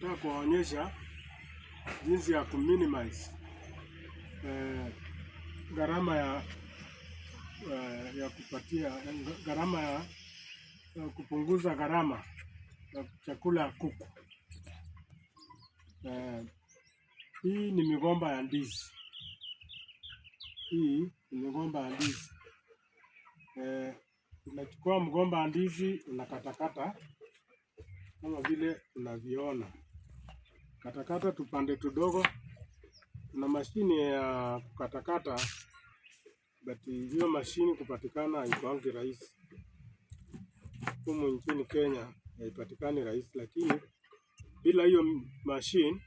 Nataka kuwaonyesha jinsi ya kuminimize eh, gharama ya eh, ya kupatia gharama ya, ya kupunguza gharama ya chakula ya kuku. Eh, hii ni migomba ya ndizi, hii ni migomba ya ndizi. Eh, unachukua mgomba wa ndizi unakatakata kama vile unavyoona katakata tupande tudogo. Tuna mashine ya kukatakata, but hiyo mashine kupatikana haikuangi rahisi humu nchini Kenya, haipatikani rahisi, lakini bila hiyo mashine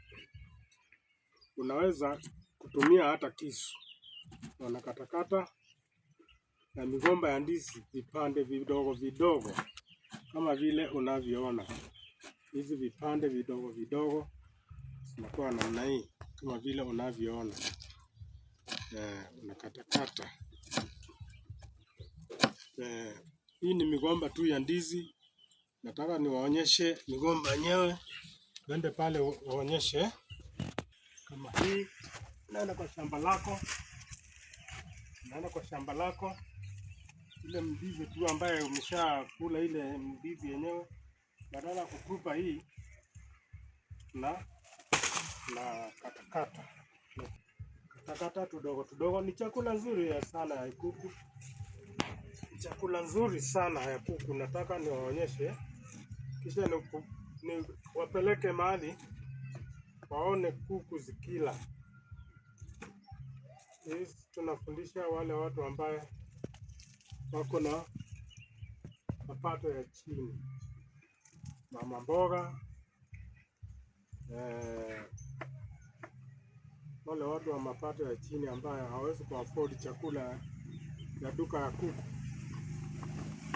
unaweza kutumia hata kisu na na migomba ya ndizi vipande vidogo vidogo, kama vile unavyoona hizi vipande vidogo vidogo unakuwa namna hii kama vile unavyoona eh, unakatakata eh, hii ni migomba tu ya ndizi. Nataka niwaonyeshe migomba yenyewe, twende pale waonyeshe kama hii. Naenda kwa shamba lako, naenda kwa shamba lako, ile mdizi tu ambaye umeshakula ile mdizi yenyewe, badala ya kutupa hii na na katakata. Katakata tudogo tudogo ni chakula nzuri ya sana ya kuku, chakula nzuri sana ya kuku. Nataka niwaonyeshe, kisha ni ni mahali waone kuku zikila. Hizi tunafundisha wale watu ambaye wako na mapato ya chini, mama mboga eh, wale watu wa mapato ya chini ambayo hawawezi kuafford chakula ya duka ya kuku,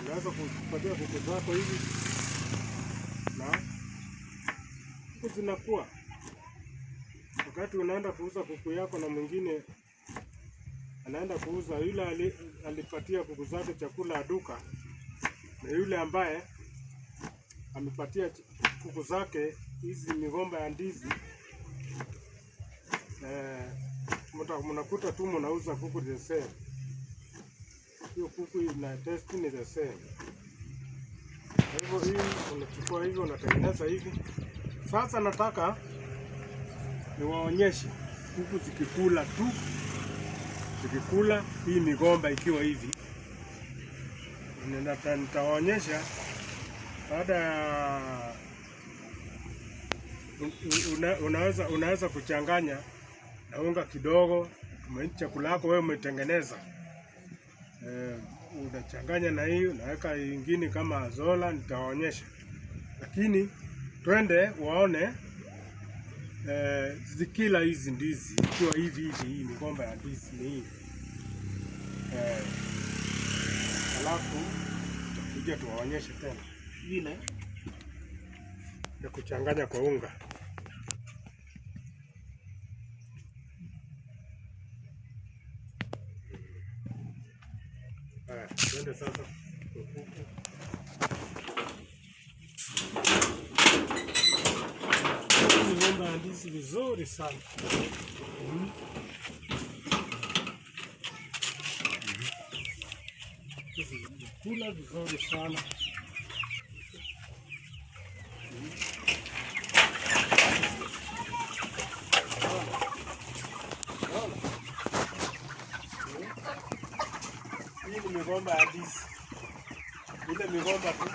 unaweza kupatia kuku zako hivi na kuku zinakuwa. Wakati unaenda kuuza kuku yako na mwingine anaenda kuuza, yule alipatia kuku zake chakula ya duka na yule ambaye amepatia kuku zake hizi migomba ya ndizi eh, mnakuta tu mnauza kuku the same. Hiyo kuku ina test ni the same. Hivyo hii unachukua hivyo unatengeneza hivi. Sasa nataka niwaonyeshe kuku zikikula tu, zikikula hii migomba ikiwa hivi, nitawaonyesha baada ya una, unaweza, unaweza kuchanganya na unga kidogo, chakula yako wewe umetengeneza e, unachanganya na hiyo, naweka ingine kama azola, nitaonyesha. Lakini twende waone e, zikila hizi ndizi ikiwa hivi hivi, hii migomba ya ndizi ni hii e, alafu tutakuja tuwaonyeshe tena ile ya kuchanganya kwa unga. Haya, twende sasa kuku. Nyumba ya ndizi vizuri sana. Mm-hmm. Mm-hmm. Kula vizuri sana. migomba ya ndizi, ile migomba tu.